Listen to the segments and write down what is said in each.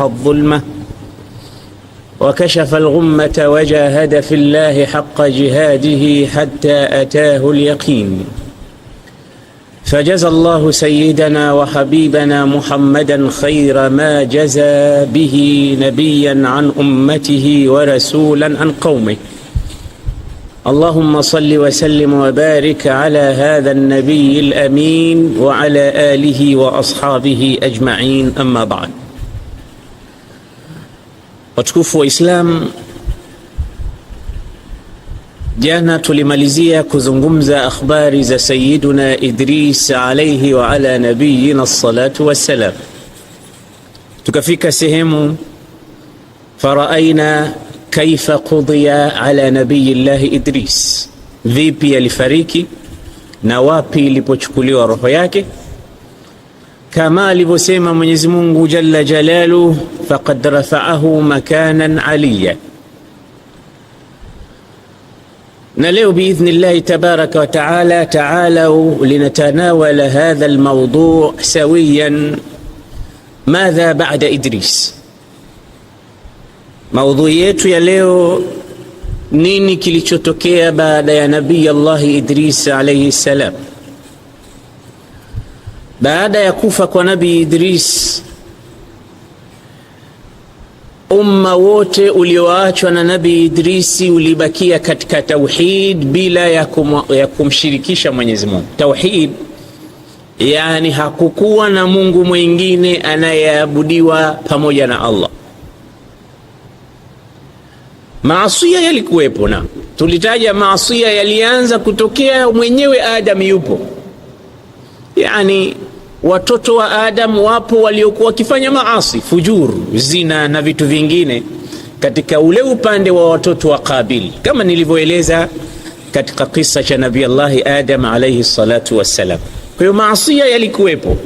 أدركتها الظلمة وكشف الغمة وجاهد في الله حق جهاده حتى أتاه اليقين فجزى الله سيدنا وحبيبنا محمدا خير ما جزى به نبيا عن أمته ورسولا عن قومه اللهم صل وسلم وبارك على هذا النبي الأمين وعلى آله وأصحابه أجمعين أما بعد Watukufu wa Islam, jana tulimalizia kuzungumza akhbari za Sayyiduna Idris alayhi wa ala nabiyina salatu wassalam, tukafika sehemu faraaina kaifa qudiya ala nabiyillahi Idris, vipi alifariki na wapi ilipochukuliwa roho yake كما لبسيمة من يزمون جل جلاله فقد رفعه مكانا عليا نليو بإذن الله تبارك وتعالى تعالوا لنتناول هذا الموضوع سويا ماذا بعد إدريس موضوعيات يا ليو نيني كليتشوتوكيا بعد يا نبي الله إدريس عليه السلام Baada ya kufa kwa Nabi Idris, umma wote ulioachwa na Nabi Idrisi ulibakia katika tauhid bila ya, kum, ya kumshirikisha Mwenyezi Mungu. Tauhid yani hakukuwa na Mungu mwingine anayeabudiwa pamoja na Allah. Maasia yalikuwepo na tulitaja maasia yalianza kutokea mwenyewe Adam yupo yani watoto wa Adam wapo waliokuwa wakifanya maasi, fujur zina na vitu vingine katika ule upande wa watoto wa Qabil, kama nilivyoeleza katika kisa cha Nabii Allah Adam alayhi salatu wassalam. Kwa hiyo maasi yalikuwepo,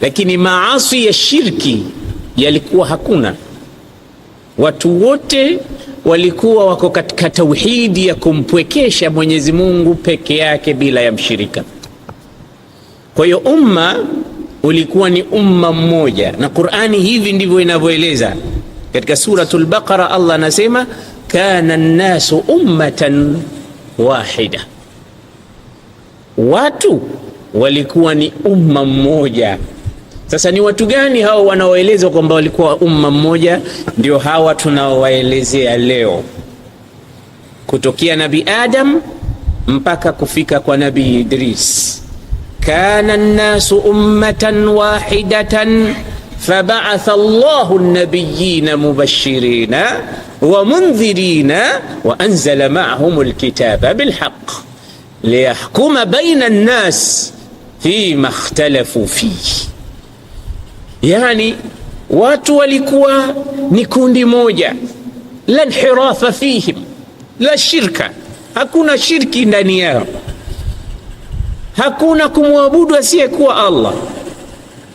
lakini maasi ya shirki yalikuwa hakuna. Watu wote walikuwa wako katika tauhidi ya kumpwekesha Mwenyezi Mungu peke yake bila ya mshirika. Kwa hiyo umma ulikuwa ni umma mmoja, na Qur'ani hivi ndivyo inavyoeleza katika Suratul Baqara. Allah anasema kana nnasu ummatan wahida, watu walikuwa ni umma mmoja. Sasa ni watu gani hao wanaoelezwa kwamba walikuwa umma mmoja? Ndio hawa tunaowaelezea leo, kutokea Nabi Adam mpaka kufika kwa Nabi Idris كان الناس أمة واحدة فبعث الله النبيين مبشرين ومنذرين وأنزل معهم الكتاب بالحق ليحكم بين الناس فيما اختلفوا فيه يعني watu walikuwa ni kundi moja la inhirafa fihim la shirka hakuna shirki ndani yao hakuna kumwabudu asiyekuwa Allah,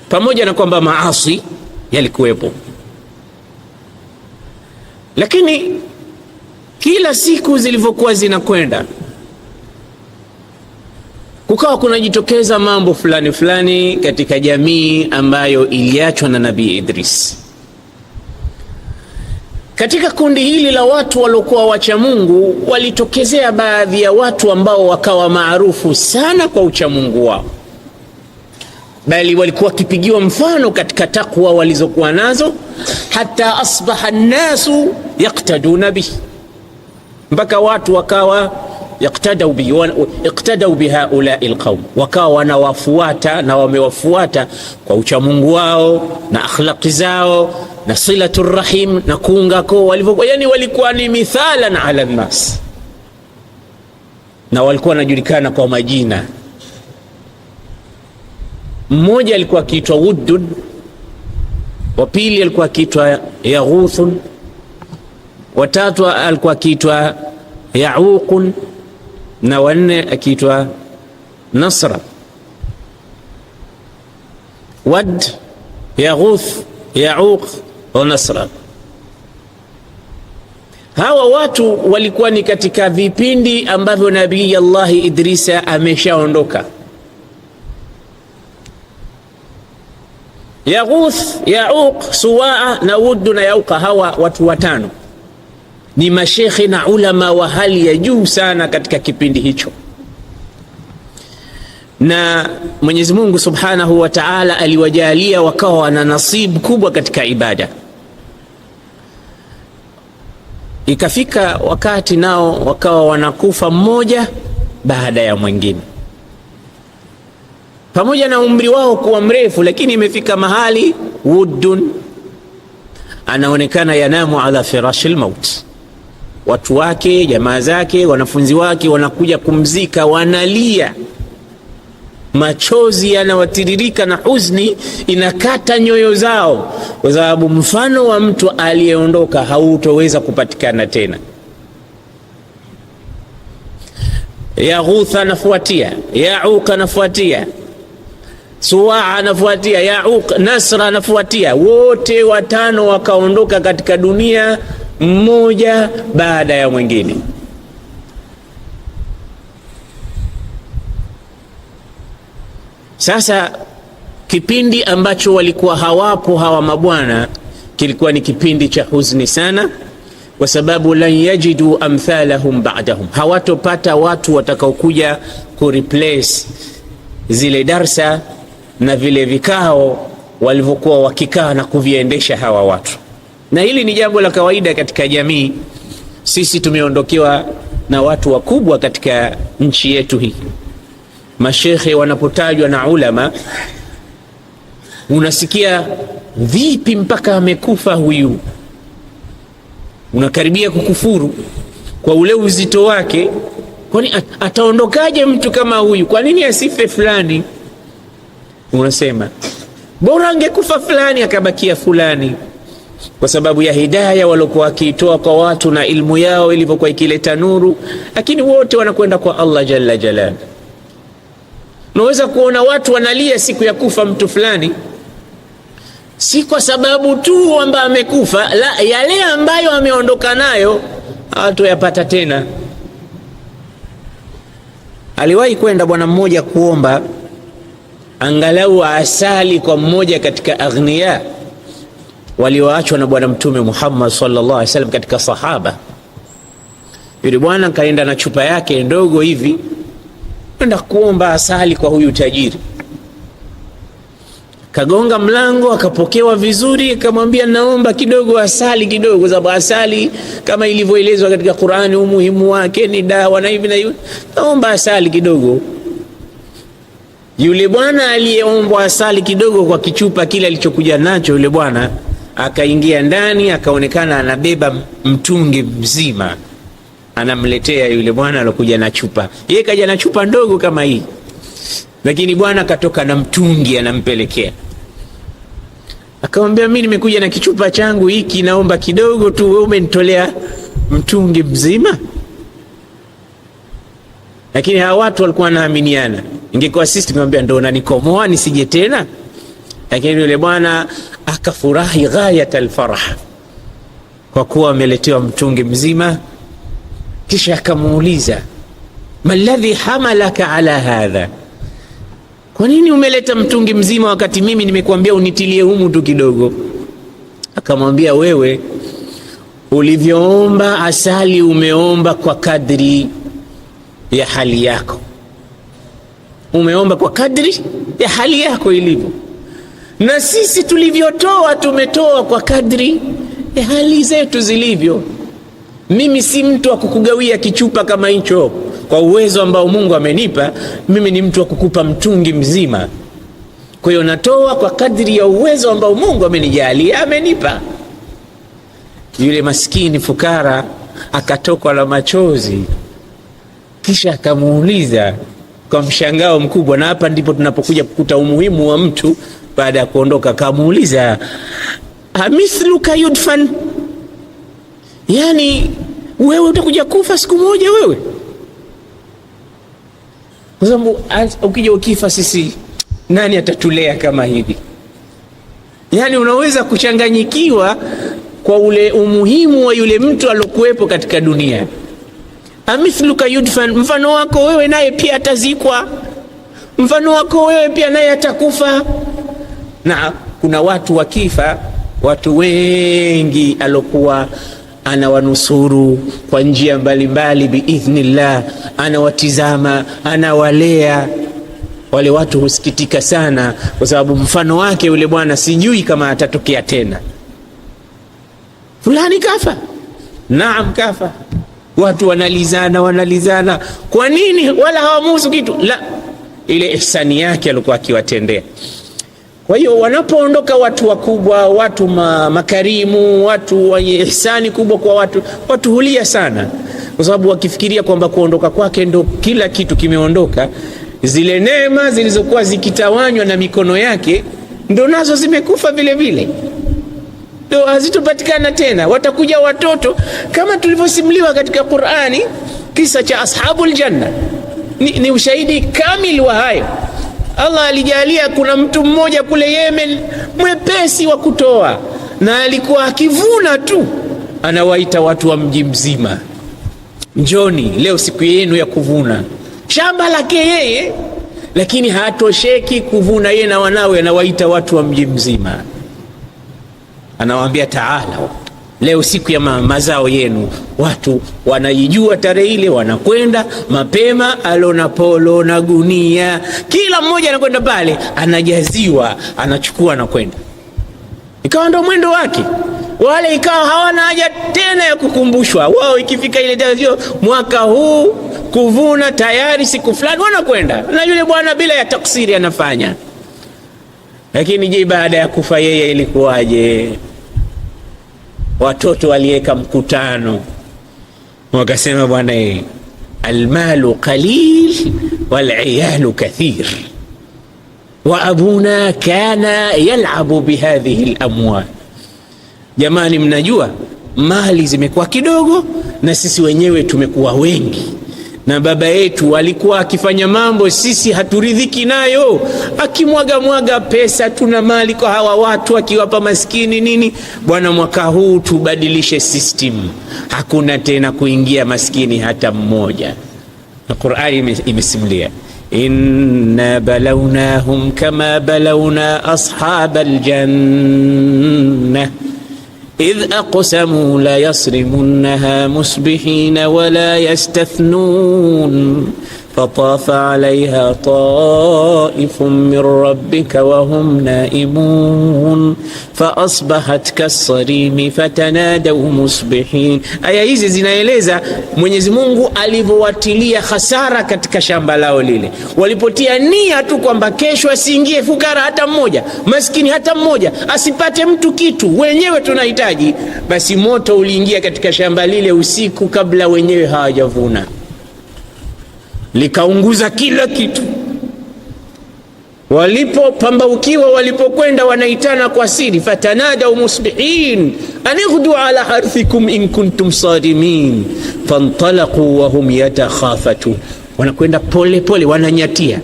pamoja na kwamba maasi yalikuwepo, lakini kila siku zilivyokuwa zinakwenda kukawa kunajitokeza mambo fulani fulani katika jamii ambayo iliachwa na Nabii Idris katika kundi hili la watu waliokuwa wacha Mungu walitokezea baadhi ya watu ambao wakawa maarufu sana kwa uchamungu wao, bali walikuwa wakipigiwa mfano katika takwa walizokuwa nazo, hata asbaha nnasu yaktaduna bihi, mpaka watu wakawa iqtadau bi iqtadau bi haulai alqaum, wakawa wanawafuata na wamewafuata kwa uchamungu wao na akhlaqi zao na silatu rahim na ko walivyokuwa, yani walikuwa ni mithalan ala nnas, na walikuwa wanajulikana kwa majina. Mmoja alikuwa akiitwa Wuddun, wa pili alikuwa akiitwa Yaghuthun, watatu alikuwa akiitwa Yauqun na wanne akiitwa Nasra. Wad, Yaghuth, Yauq wa Hawa watu walikuwa ni katika vipindi ambavyo Nabii Allahi Idrisa ameshaondoka. Yaghuth, Yauq, Suwaa na Wuddu na Yauqa, hawa watu watano ni mashekhe na ulama wa hali ya juu sana katika kipindi hicho, na Mwenyezi Mungu Subhanahu wa Ta'ala aliwajalia wakawa wana nasibu kubwa katika ibada. Ikafika wakati nao wakawa wanakufa mmoja baada ya mwingine, pamoja na umri wao kuwa mrefu, lakini imefika mahali wudun anaonekana yanamu ala firashil maut, watu wake, jamaa zake, wanafunzi wake wanakuja kumzika, wanalia machozi yanawatiririka na huzni inakata nyoyo zao, kwa sababu mfano wa mtu aliyeondoka hautoweza kupatikana tena. yaghuth anafuatia, Yauq anafuatia, Suwa anafuatia, Yauq Nasra anafuatia. Wote watano wakaondoka katika dunia mmoja baada ya mwingine. Sasa kipindi ambacho walikuwa hawapo hawa mabwana kilikuwa ni kipindi cha huzuni sana, kwa sababu lan yajidu amthalahum ba'dahum, hawatopata watu watakaokuja kureplace zile darsa na vile vikao walivyokuwa wakikaa na kuviendesha hawa watu. Na hili ni jambo la kawaida katika jamii. Sisi tumeondokewa na watu wakubwa katika nchi yetu hii mashekhe wanapotajwa na ulama, unasikia vipi, mpaka amekufa huyu, unakaribia kukufuru kwa ule uzito wake. Kwani ataondokaje mtu kama huyu? Kwa nini asife fulani? Unasema bora angekufa fulani akabakia fulani, kwa sababu ya hidaya waliokuwa wakiitoa kwa watu na ilmu yao ilivyokuwa ikileta nuru, lakini wote wanakwenda kwa Allah jalla jalaluhu. Unaweza kuona watu wanalia siku ya kufa mtu fulani, si kwa sababu tu kwamba amekufa, la yale ambayo ameondoka nayo hawatoyapata tena. Aliwahi kwenda bwana mmoja kuomba angalau asali kwa mmoja katika aghnia walioachwa na Bwana Mtume Muhammad sallallahu alaihi wasallam katika sahaba. Yule bwana kaenda na chupa yake ndogo hivi kwenda kuomba asali kwa huyu tajiri. Kagonga mlango akapokewa vizuri, akamwambia naomba kidogo asali kidogo, kwa sababu asali kama ilivyoelezwa katika Qur'ani, umuhimu wake ni dawa na hivi na hivi, naomba asali kidogo. Yule bwana aliyeombwa asali kidogo kwa kichupa kile alichokuja nacho, yule bwana akaingia ndani, akaonekana anabeba mtungi mzima anamletea yule bwana alokuja na chupa. ye kaja na chupa ndogo kama hii, lakini bwana katoka na mtungi anampelekea. Akamwambia, mi nimekuja na kichupa changu hiki, naomba kidogo tu, wewe umenitolea mtungi mzima. Lakini hawa watu walikuwa wanaaminiana. Ingekuwa sisi tumewambia ndo nanikomoa nisije tena, lakini yule bwana akafurahi ghayat alfarah kwa kuwa wameletewa mtungi mzima. Kisha akamuuliza ladhi hamalaka ala hadha, kwa nini umeleta mtungi mzima wakati mimi nimekuambia unitilie humu tu kidogo? Akamwambia, wewe ulivyoomba asali umeomba kwa kadri ya hali yako, umeomba kwa kadri ya hali yako ilivyo, na sisi tulivyotoa tumetoa kwa kadri ya hali zetu zilivyo. Mimi si mtu wa kukugawia kichupa kama hicho. Kwa uwezo ambao Mungu amenipa mimi, ni mtu wa kukupa mtungi mzima. Kwa hiyo natoa kwa kadri ya uwezo ambao Mungu amenijalia, amenipa. Yule maskini fukara akatokwa la machozi, kisha akamuuliza kwa mshangao mkubwa, na hapa ndipo tunapokuja kukuta umuhimu wa mtu baada ya kuondoka. Akamuuliza amithluka ah, yudfan Yaani wewe utakuja kufa siku moja wewe, kwa sababu ukija ukifa, sisi nani atatulea kama hivi? Yaani unaweza kuchanganyikiwa kwa ule umuhimu wa yule mtu alokuwepo katika dunia. Amithluka yudfan, mfano wako wewe naye pia atazikwa, mfano wako wewe pia naye atakufa. Na kuna watu wakifa, watu wengi alokuwa anawanusuru kwa njia mbalimbali biidhnillah, anawatizama, anawalea wale watu. Husikitika sana kwa sababu mfano wake yule bwana, sijui kama atatokea tena. Fulani kafa, naam, kafa. Watu wanalizana, wanalizana, kwa nini? Wala hawamuhusu kitu la ile ihsani yake alikuwa akiwatendea kwa hiyo wanapoondoka watu wakubwa, watu ma, makarimu, watu wenye ihsani kubwa kwa watu, watu hulia sana, kwa sababu wakifikiria kwamba kuondoka kwake ndo kila kitu kimeondoka, zile neema zilizokuwa zikitawanywa na mikono yake ndo nazo zimekufa vile vile, ndo hazitopatikana tena. Watakuja watoto kama tulivyosimuliwa katika Qur'ani, kisa cha ashabul janna ni, ni ushahidi kamili wa hayo. Allah alijalia kuna mtu mmoja kule Yemen mwepesi wa kutoa, na alikuwa akivuna tu anawaita watu wa mji mzima, njoni leo siku yenu ya kuvuna. Shamba lake yeye, lakini hatosheki kuvuna yeye na wanawe, anawaita watu wa mji mzima, anawaambia taala Leo siku ya ma mazao yenu, watu wanaijua tarehe ile, wanakwenda mapema, alona polo na gunia, kila mmoja anakwenda pale, anajaziwa, anachukua, kwenda, Ikawa ndo mwendo wake, wale ikawa hawana haja tena ya kukumbushwa. Wao ikifika ile tarehe, mwaka huu kuvuna tayari, siku fulani, wanakwenda na yule bwana bila ya taksiri anafanya. Lakini je, baada ya kufa yeye ilikuwaje? watoto waliweka mkutano wakasema, bwana, almalu qalil waliyalu kathir wa abuna kana yalabu bihadhihi lamwal. Jamani, mnajua mali zimekuwa kidogo na sisi wenyewe tumekuwa wengi na baba yetu alikuwa akifanya mambo sisi haturidhiki nayo, akimwaga mwaga pesa, tuna mali kwa hawa watu, akiwapa maskini nini. Bwana, mwaka huu tubadilishe system, hakuna tena kuingia maskini hata mmoja. Na Qur'ani imesimulia inna balawnahum kama balawna ashabal janna إذ أقسموا ليصرمنها مسبحين ولا يستثنون fatafa alaiha taifun min rabbika wahum naimun faasbahat kasarimi fatanadau musbihin. Aya hizi zinaeleza Mwenyezi Mungu alivyowatilia hasara katika shamba lao lile, walipotia nia tu kwamba kesho asiingie fukara hata mmoja, maskini hata mmoja, asipate mtu kitu, wenyewe tunahitaji. Basi moto uliingia katika shamba lile usiku kabla wenyewe hawajavuna likaunguza kila kitu. Walipopambaukiwa, walipokwenda wanaitana kwa siri, fatanadau musbihin an ala harthikum in kuntum sadimin fantalaqu wahum yatakhafatun, wanakwenda pole pole, wananyatia,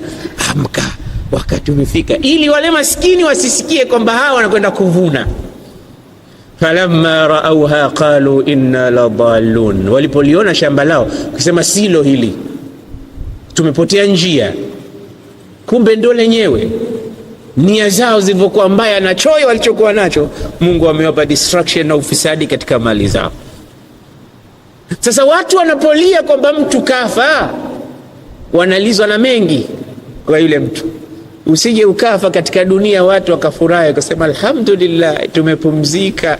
amka, wakati umefika, ili wale maskini wasisikie kwamba hawa wanakwenda kuvuna falamma raauha qalu inna ladallun, walipoliona shamba lao wakisema silo hili tumepotea njia. Kumbe ndo lenyewe nia zao zilivyokuwa mbaya na choyo walichokuwa nacho, Mungu amewapa destruction na ufisadi katika mali zao. Sasa watu wanapolia kwamba mtu kafa, wanalizwa na mengi kwa yule mtu. Usije ukafa katika dunia watu wakafurahi wakasema, alhamdulillah tumepumzika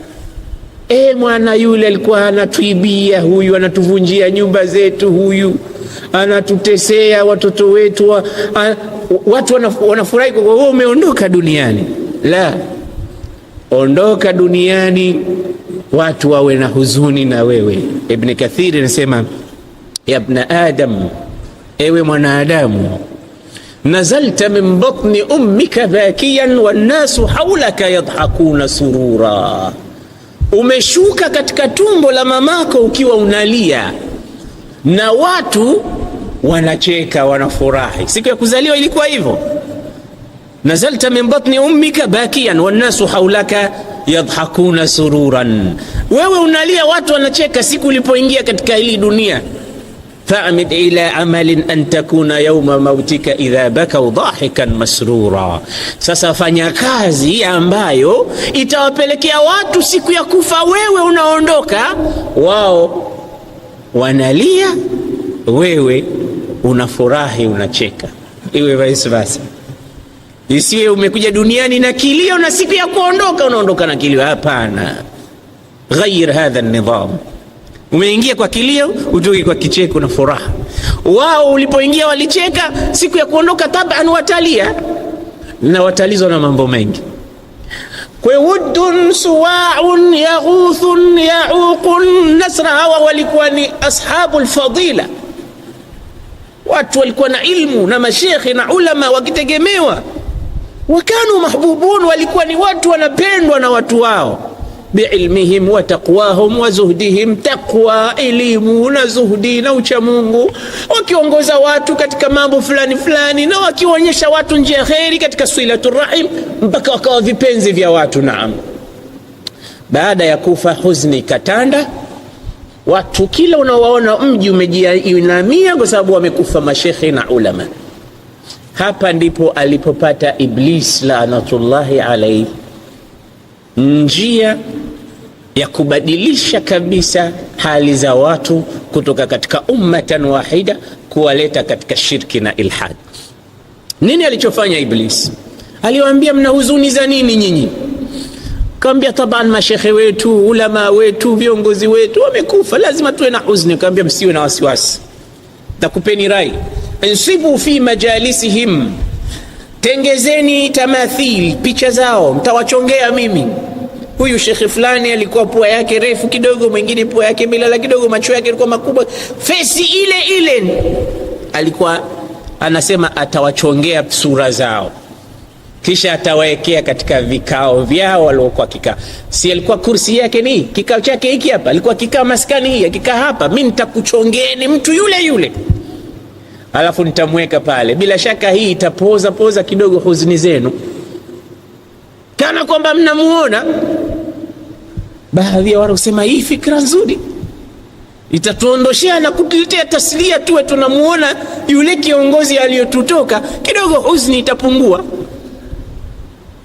e, mwana yule alikuwa anatuibia huyu, anatuvunjia nyumba zetu, huyu anatutesea watoto wetu wa, a, watu wanafurahi kwa wewe umeondoka duniani. La, ondoka duniani watu wawe na huzuni na wewe. Ibn Kathir anasema ya adam, ewe mwanadamu nazalta min batni ummika bakiyan wannasu haulaka yadhakuna surura umeshuka katika tumbo la mamako ukiwa unalia na watu wanacheka wanafurahi. Siku ya kuzaliwa ilikuwa hivyo, nazalta min batni ummika bakian wannasu haulaka yadhakuna sururan, wewe unalia watu wanacheka. Siku ulipoingia katika hili dunia famid ila amalin an takuna yauma mautika idha bakau dhahikan masrura. Sasa fanya kazi ambayo itawapelekea watu siku ya kufa, wewe unaondoka, wao wanalia, wewe unafurahi, unacheka, iwe vice versa. Isiwe umekuja duniani na kilio na siku ya kuondoka unaondoka na kilio. Hapana, ghayr hadha nidham Umeingia kwa kilio, utoke kwa kicheko na furaha. Wao ulipoingia walicheka, siku ya kuondoka taban watalia eh? na watalizwa na mambo mengi. Kwe wuddun suwaun yaghuthun yauqun nasra, hawa walikuwa ni ashabul fadila, watu walikuwa na ilmu na mashekhe na ulama wakitegemewa. Wakanu mahbubun, walikuwa ni watu wanapendwa na watu wao biilmihim wa taqwahum wa zuhdihim. Taqwa, elimu na zuhdi na ucha Mungu, wakiongoza watu katika mambo fulani fulani, na wakionyesha watu njia kheri katika silatu rahim, mpaka wakawa vipenzi vya watu. Naam, baada ya kufa huzni katanda, watu kila unaowaona mji umejiinamia kwa sababu wamekufa mashekhe na ulama. Hapa ndipo alipopata Iblis laanatullahi alaihi njia ya kubadilisha kabisa hali za watu kutoka katika ummatan wahida kuwaleta katika shirki na ilhad. Nini alichofanya Iblis? Aliwaambia, mna huzuni za nini nyinyi? Kaambia taban, mashekhe wetu, ulama wetu, viongozi wetu wamekufa, lazima tuwe na huzuni. Kaambia, msiwe na wasiwasi, nakupeni rai, insibu fi majalisihim, tengezeni tamathil, picha zao, mtawachongea mimi huyu shekhe fulani alikuwa pua yake refu kidogo, mwingine pua yake milala kidogo, macho yake yalikuwa makubwa, fesi ile ile. Alikuwa anasema atawachongea sura zao, kisha atawaekea katika vikao vyao waliokuwa kikaa. Si alikuwa kursi yake ni kikao chake hiki hapa, alikuwa kikaa maskani hii, akikaa hapa, mimi nitakuchongeni mtu yule yule alafu nitamweka pale. Bila shaka hii itapoza poza kidogo huzuni zenu, kana kwamba mnamuona Baadhi ya watu husema hii fikra nzuri itatuondoshea na kutuletea taslia, tuwe tunamuona yule kiongozi aliyotutoka, kidogo huzuni itapungua.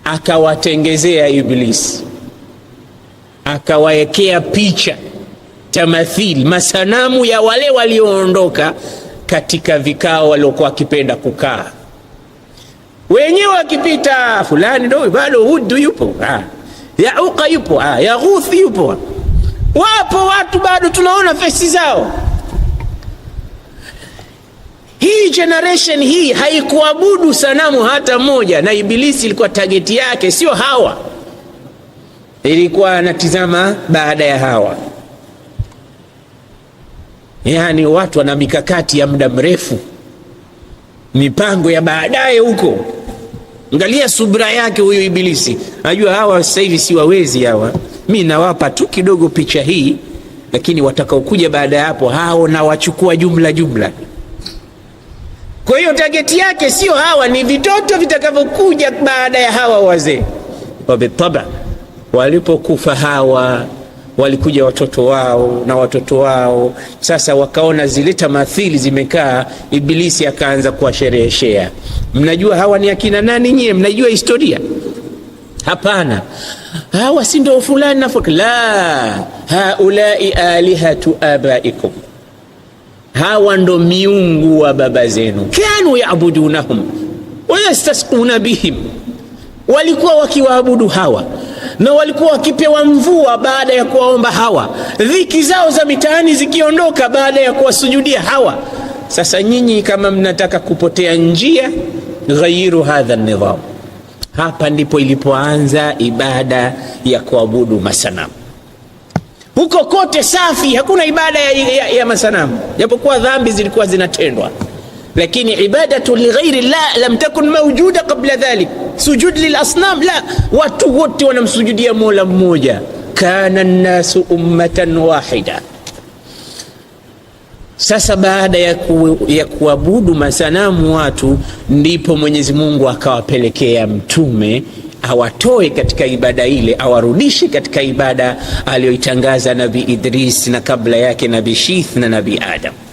Akawatengezea Iblisi, akawawekea picha tamathil, masanamu ya wale walioondoka katika vikao waliokuwa wakipenda kukaa wenyewe, wakipita ah, fulani ndo bado hudu yupo ha. Ah. Yauka yupo, ah, Yaghuthi yupo, wapo watu bado tunaona fesi zao. Hii generation hii haikuabudu sanamu hata moja, na Ibilisi ilikuwa tageti yake sio Hawa, ilikuwa anatizama baada ya Hawa. Yaani watu wana mikakati ya muda mrefu, mipango ya baadaye huko Angalia subra yake huyo Ibilisi. Najua hawa sasa hivi si wawezi hawa, mi nawapa tu kidogo picha hii, lakini watakaokuja baada ya hapo, hao nawachukua jumla jumla. Kwa hiyo tageti yake sio hawa, ni vitoto vitakavyokuja baada ya hawa wazee wametaba, walipokufa hawa walikuja watoto wao na watoto wao. Sasa wakaona zile tamathili zimekaa, Ibilisi akaanza kuwashereheshea. Mnajua hawa ni akina nani? Nyie mnajua historia? Hapana, hawa si ndo fulani na fulani. La, haulai alihatu abaikum, hawa ndo miungu wa baba zenu. Kanu yabudunahum wayastasquna bihim, walikuwa wakiwaabudu hawa na walikuwa wakipewa mvua baada ya kuwaomba hawa, dhiki zao za mitaani zikiondoka baada ya kuwasujudia hawa. Sasa nyinyi kama mnataka kupotea njia, ghairu hadha nidham. Hapa ndipo ilipoanza ibada ya kuabudu masanamu. Huko kote safi, hakuna ibada ya, ya, ya masanamu, japokuwa dhambi zilikuwa zinatendwa lakini ibadatu lighairi llah lam takun maujuda qabla dhalik. Sujud lilasnam la, watu wote wanamsujudia mola mmoja. Kana nnasu ummatan wahida. Sasa baada ya, ku, ya kuabudu masanamu watu, ndipo Mwenyezi Mungu akawapelekea mtume awatoe katika ibada ile, awarudishe katika ibada aliyoitangaza nabi Idris na kabla yake nabi Shith na nabi Adam.